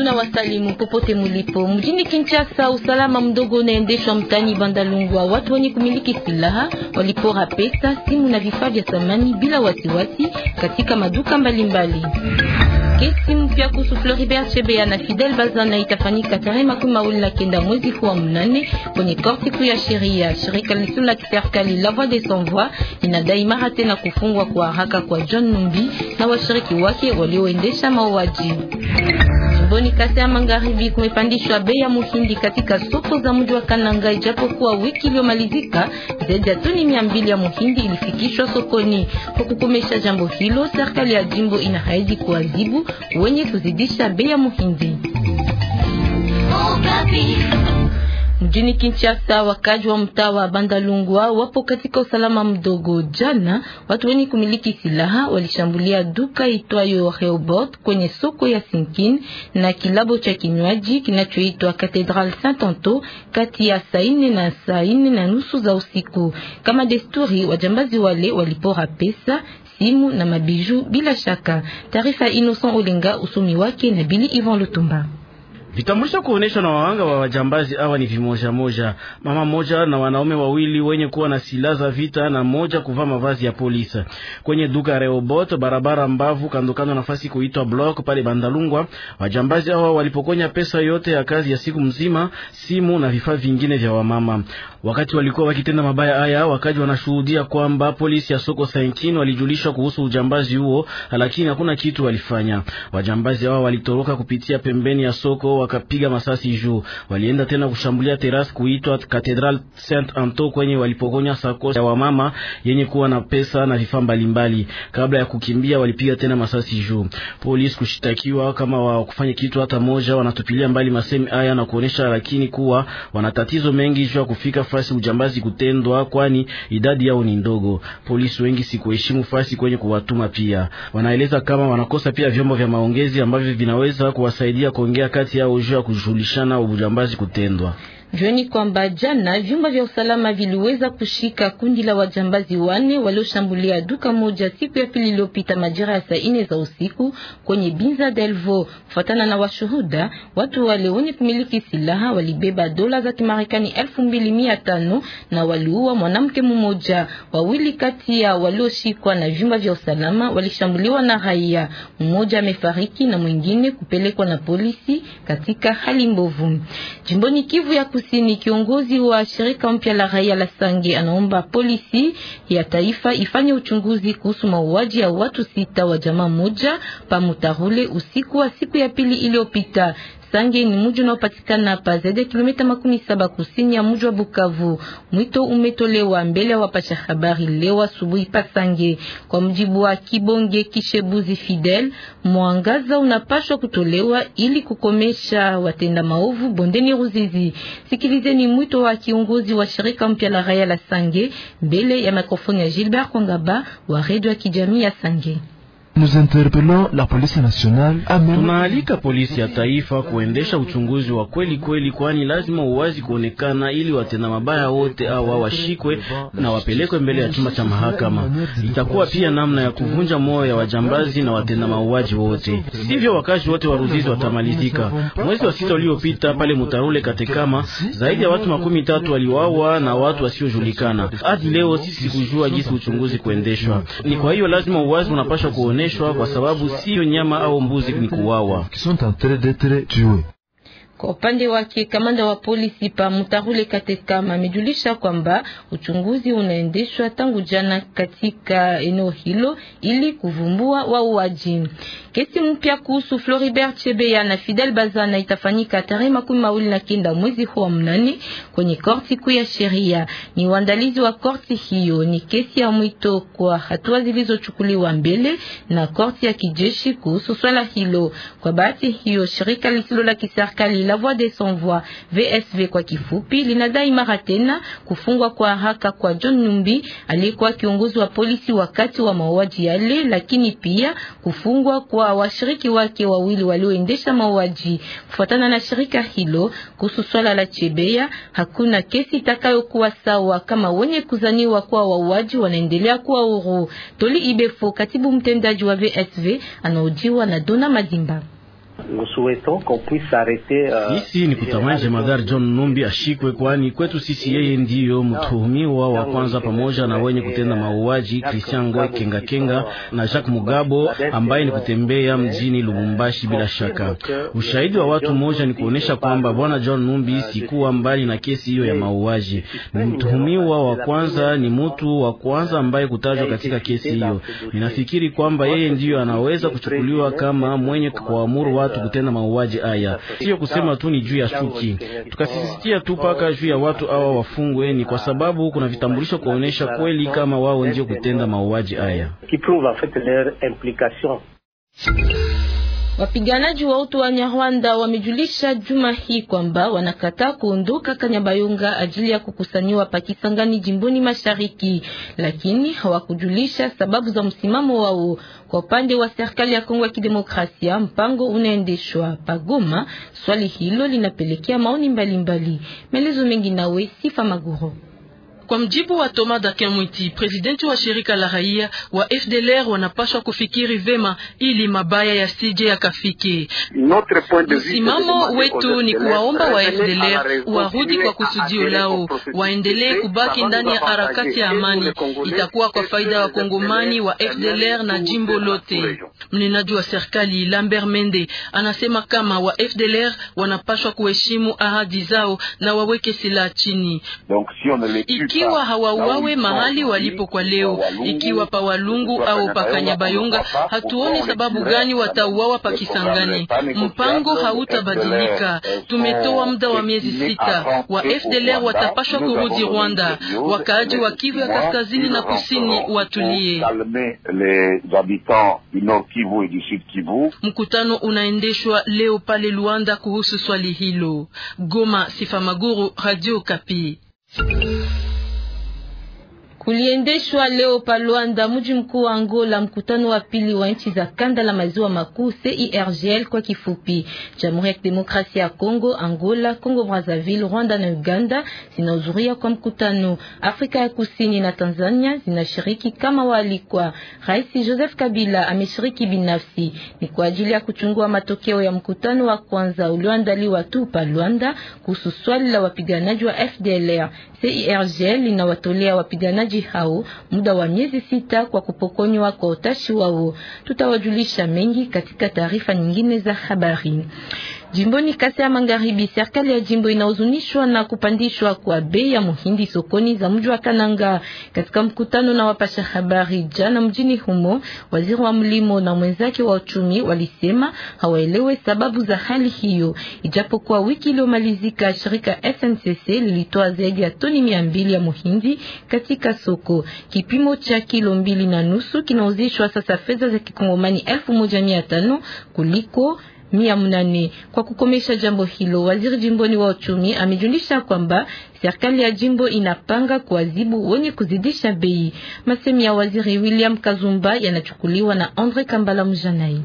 tunawasalimu popote mulipo. Mjini Kinshasa, usalama mdogo unaendeshwa mtaani Bandalungwa. Watu wenye kumiliki silaha walipora pesa, simu na vifaa vya thamani bila wasiwasi katika maduka mbalimbali mbali. Kesi mpya kuhusu Floribert Chebeya na Fidel Bazana itafanyika tarehe makumi mawili na kenda mwezi huu wa mnane kwenye korti kuu ya sheria. Shirika lisilo la kiserikali La Voix des Sans Voix inadai mara tena kufungwa kwa haraka kwa John Numbi na washiriki wake walioendesha mauaji. Jimboni Kasai ya Magharibi kumepandishwa bei ya muhindi katika soko za mji wa Kananga, ijapokuwa wiki iliyomalizika zaidi ya toni mia mbili ya muhindi ilifikishwa sokoni. Kwa kukomesha jambo hilo, serikali ya jimbo inaahidi kuadhibu wenye kuzidisha bei ya muhindi. Oh, Mjini Kinshasa, wakaji wa mtaa wa Bandalungwa wapo katika usalama mdogo. Jana watu wenye kumiliki silaha walishambulia duka itwayo Reobot kwenye soko ya Sinkin na kilabo cha kinywaji kinachoitwa Cathedral Saint Anto kati ya saa nne na saa na nusu za usiku. Kama desturi, wajambazi wale walipora pesa simu na mabiju bila shaka. Taarifa Innocent Olenga, usomi wake na Bili Ivan Lutumba. Vitambulisho kuoneshwa na wahanga wa wajambazi hawa ni vimoja moja, mama moja na wanaume wawili wenye kuwa na silaha za vita na moja kuvaa mavazi ya polisi kwenye duka Reobot, barabara mbavu, kandokando nafasi kuitwa block pale Bandalungwa. Wajambazi hawa walipokonya pesa yote ya kazi ya siku mzima, simu na vifaa vingine vya wamama. Wakati walikuwa wakitenda mabaya haya, wakaji wanashuhudia kwamba polisi ya soko Sankin walijulishwa kuhusu ujambazi huo, lakini hakuna kitu walifanya. Wajambazi hawa walitoroka kupitia pembeni ya soko wakapiga masasi juu. Walienda tena kushambulia terasi kuitwa Cathedral Saint Anto kwenye walipokonya sako ya wamama yenye kuwa na pesa na vifaa mbalimbali. Kabla ya kukimbia, walipiga tena masasi juu. Polisi kushitakiwa kama wa kufanya kitu hata moja, wanatupilia mbali masemi haya na kuonesha lakini kuwa wana tatizo mengi juu ya kufika fasi ujambazi kutendwa, kwani idadi yao ni ndogo. Polisi wengi si kuheshimu fasi kwenye kuwatuma, pia wanaeleza kama wanakosa pia vyombo vya maongezi ambavyo vinaweza kuwasaidia kuongea kati yao ujia kujulishana ujambazi kutendwa. Jioni kwamba jana vyumba vya usalama viliweza kushika kundi la wajambazi wane walioshambulia duka moja siku ya pili iliyopita majira ya saa ine za usiku kwenye Binza Delvo. Kufuatana na washuhuda, watu wale wenye kumiliki silaha walibeba dola za Kimarekani elfu mbili mia tano na waliua mwanamke mmoja. Wawili kati ya walioshikwa na vyumba vya usalama walishambuliwa na raia, mmoja amefariki na mwingine kupelekwa na polisi katika hali mbovu. Jimboni Kivu ya Kusini, kiongozi wa shirika mpya la raia la Sange anaomba polisi ya taifa ifanye uchunguzi kuhusu mauaji ya watu sita wa jamaa moja pa usiku wa siku ya pili iliyopita. Sange ni mji unaopatikana pa zaidi ya kilomita makumi saba kusini ya mji wa Bukavu. Mwito umetolewa mbele ya wapasha habari leo asubuhi pa Sange. Kwa mjibu wa Kibonge Kishebuzi Fidel, mwangaza unapashwa kutolewa ili kukomesha watenda maovu bondeni Ruzizi. Sikilizeni mwito wa kiongozi wa shirika mpya la raia la Sange mbele ya mikrofoni ya Gilbert Kwangaba wa redio ya kijamii ya Sange. Tunaalika polisi ya taifa kuendesha uchunguzi wa kweli kweli, kwani lazima uwazi kuonekana ili watenda mabaya wote awa washikwe na wapelekwe mbele ya chumba cha mahakama. Itakuwa pia namna ya kuvunja moyo ya wajambazi na watenda mauaji wote, sivyo? Wakazi wote wa Ruzizi watamalizika. Mwezi wa sita uliopita pale Mutarule Katekama, zaidi ya watu makumi tatu waliwawa na watu wasiojulikana. Hadi leo sisi kujua jinsi uchunguzi kuendeshwa. Ni kwa hiyo lazima uwazi unapasha kuonekana kuoneshwa kwa sababu siyo nyama au mbuzi ni kuwawa. Kwa upande wake kamanda wa polisi pa Mutarule Katekama amejulisha kwamba uchunguzi unaendeshwa tangu jana katika eneo hilo ili kuvumbua wauaji. Kesi mpya kuhusu Floribert Chebeya na Fidel Bazana itafanyika tarehe makumi mawili na kenda mwezi huu wa mnane kwenye korti kuu ya sheria. Ni uandalizi wa korti hiyo, ni kesi ya mwito kwa hatua zilizochukuliwa mbele na korti ya kijeshi kuhusu swala hilo. Kwa bahati hiyo shirika lisilo la kiserikali la voix des sans voix VSV kwa kifupi, linadai mara tena kufungwa kwa haraka kwa John Numbi aliyekuwa kiongozi wa polisi wakati wa mauaji yale, lakini pia kufungwa kwa washiriki wake wawili walioendesha mauaji. Kufuatana na shirika hilo, kuhusu swala la Chebeya, hakuna kesi itakayokuwa sawa kama wenye kuzaniwa kwa wauaji wanaendelea kuwa huru. Toli Ibefo, katibu mtendaji wa VSV, anaojiwa na Dona Madimba. Euh, sisi ni kutamani jemadari John Numbi ashikwe, kwani kwetu sisi eh, yeye ndiyo eh, mtuhumiwa wa kwanza pamoja na wenye eh, kutenda mauaji Christian Ngoi Kenga Kenga na Jacques Mugabo ambaye ni kutembea mjini Lubumbashi. Bila shaka ushahidi wa watu moja ni kuonesha kwamba bwana John Numbi sikuwa mbali na kesi hiyo ya mauaji. Ni mtuhumiwa wa kwanza, ni mtu wa kwanza ambaye kutajwa katika kesi hiyo. Ninafikiri kwamba yeye ndiyo anaweza kuchukuliwa kama mwenye kuamuru watu watu kutenda mauaji haya, sio kusema tu ni juu ya chuki. Tukasisitia tu paka juu ya watu hawa ni kwa sababu kuna vitambulisho kuonesha kweli kama wao ndio kutenda mauaji haya. Wapiganaji wa utu wa Nyarwanda wamejulisha juma hii kwamba wanakataa kuondoka Kanyabayonga ajili ya kukusanyiwa pa Kisangani jimboni mashariki, lakini hawakujulisha sababu za msimamo wao. Kwa upande wa serikali ya Kongo ya Kidemokrasia, mpango unaendeshwa Pagoma. Swali hilo linapelekea maoni mbalimbali. Maelezo mengi nawe Sifa maguru kwa mjibu wa Thomas Dakemwiti, presidenti wa shirika la raia wa FDLR, wanapaswa kufikiri vema ili mabaya yasije yakafike. Msimamo wetu ni kuwaomba wa FDLR warudi kwa kusudio lao, waendelee kubaki ndani ya harakati ya amani. Itakuwa kwa faida wa Kongomani wa FDLR na jimbo lote. Mnenaji wa serikali Lambert Mende anasema kama wa FDLR wanapaswa kuheshimu ahadi zao na waweke silaha chini Ikiwa ikiwa hawauawe mahali walipo kwa leo, ikiwa pa Walungu au pa Kanyabayonga, hatuoni sababu gani watauawa pa Kisangani. Mpango hautabadilika. Tumetoa muda wa miezi sita, wa FDLR watapashwa kurudi Rwanda. Wakaaji wa Kivu ya kaskazini na kusini watulie. Mkutano unaendeshwa leo pale Luanda kuhusu swali hilo. Goma, Sifa Maguru, Radio Kapi. Kuliendeshwa leo pa Luanda, mji mkuu wa Angola, mkutano wa pili wa nchi za kanda la maziwa makuu CIRGL kwa kifupi. Jamhuri ya Demokrasia ya Kongo, Angola, Kongo Brazzaville, Rwanda na Uganda zinahudhuria kwa mkutano. Afrika ya Kusini na Tanzania zinashiriki kama waalikwa. Rais Joseph Kabila ameshiriki binafsi, ni kwa ajili ya kuchungua matokeo ya mkutano wa kwanza ulioandaliwa tu pa Luanda kuhusu swali la wapiganaji wa FDLR. CIRGL inawatolea wapiganaji waandamanaji hao muda wa miezi sita kwa kupokonywa kwa utashi wao. Tutawajulisha mengi katika taarifa nyingine za habari. Jimboni Kasai ya Magharibi, serikali ya jimbo inahuzunishwa na kupandishwa kwa bei ya muhindi sokoni za mji wa Kananga. Katika mkutano na wapasha habari jana mjini humo, waziri wa mlimo na mwenzake wa uchumi walisema hawaelewe sababu za hali hiyo, ijapokuwa wiki iliyomalizika shirika SNCC lilitoa zaidi ya toni mia mbili ya muhindi katika soko. Kipimo cha kilo mbili na nusu kinauzishwa sasa fedha za kikongomani elfu moja mia tano kuliko mia mnane. Kwa kukomesha jambo hilo, waziri jimboni wa uchumi amejulisha kwamba serikali ya jimbo inapanga kuwazibu wenye kuzidisha bei. Masemi ya waziri William Kazumba yanachukuliwa na Andre Kambala Mjanai.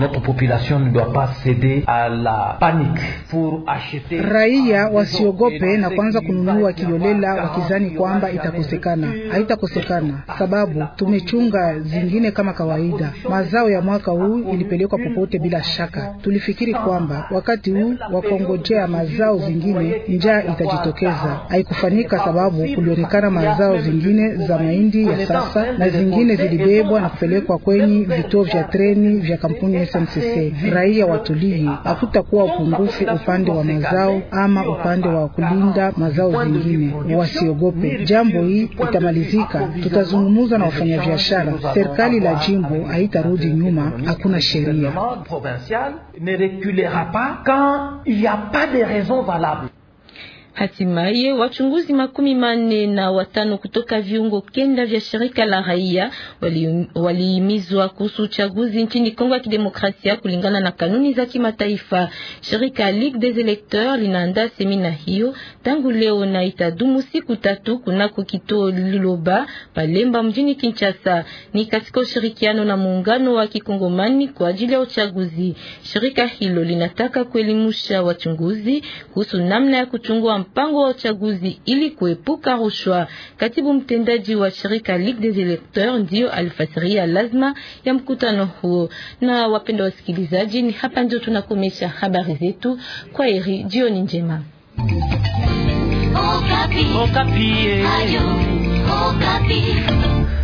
Notre population ne doit pas céder à la panique pour acheter. Raia wasiogope na kwanza kununua kiolela, wakizani kwamba itakosekana. Haitakosekana sababu tumechunga zingine kama kawaida. Mazao ya mwaka huu ilipelekwa popote bila shaka. Tulifikiri kwamba wakati huu wa kuongojea mazao zingine njaa itajitokeza, haikufanika sababu kulionekana mazao zingine za mahindi ya sasa na zingine zilibebwa na kupelekwa kwenye vituo vya treni vya kampuni SNCC raia watulie, hakutakuwa upungufu upande wa mazao ama upande wa kulinda mazao zingine, wasiogope. Jambo hii itamalizika, tutazungumuza na wafanyabiashara. Serikali la jimbo haitarudi nyuma, hakuna sheria. Hatimaye wachunguzi makumi manne na watano kutoka viungo kenda vya shirika la raia walihimizwa wali kuhusu uchaguzi nchini Kongo ya Kidemokrasia kulingana na kanuni za kimataifa. Shirika Ligue des Electeurs linaandaa semina hiyo tangu leo na itadumu siku tatu kunako kituo Liloba Palemba mjini Kinshasa. Ni katika ushirikiano na muungano wa Kikongomani kwa ajili ya uchaguzi. Shirika hilo linataka kuelimisha wachunguzi kuhusu namna ya kuchungua mpango wa uchaguzi ili kuepuka rushwa. Katibu mtendaji wa shirika Ligue des Electeurs ndiyo alifasiria lazima ya mkutano huo. Na wapenda wasikilizaji, ni hapa ndio tunakomesha habari zetu kwa heri, jioni njema. Okapi. Okapi. Eh. Ayu, Okapi.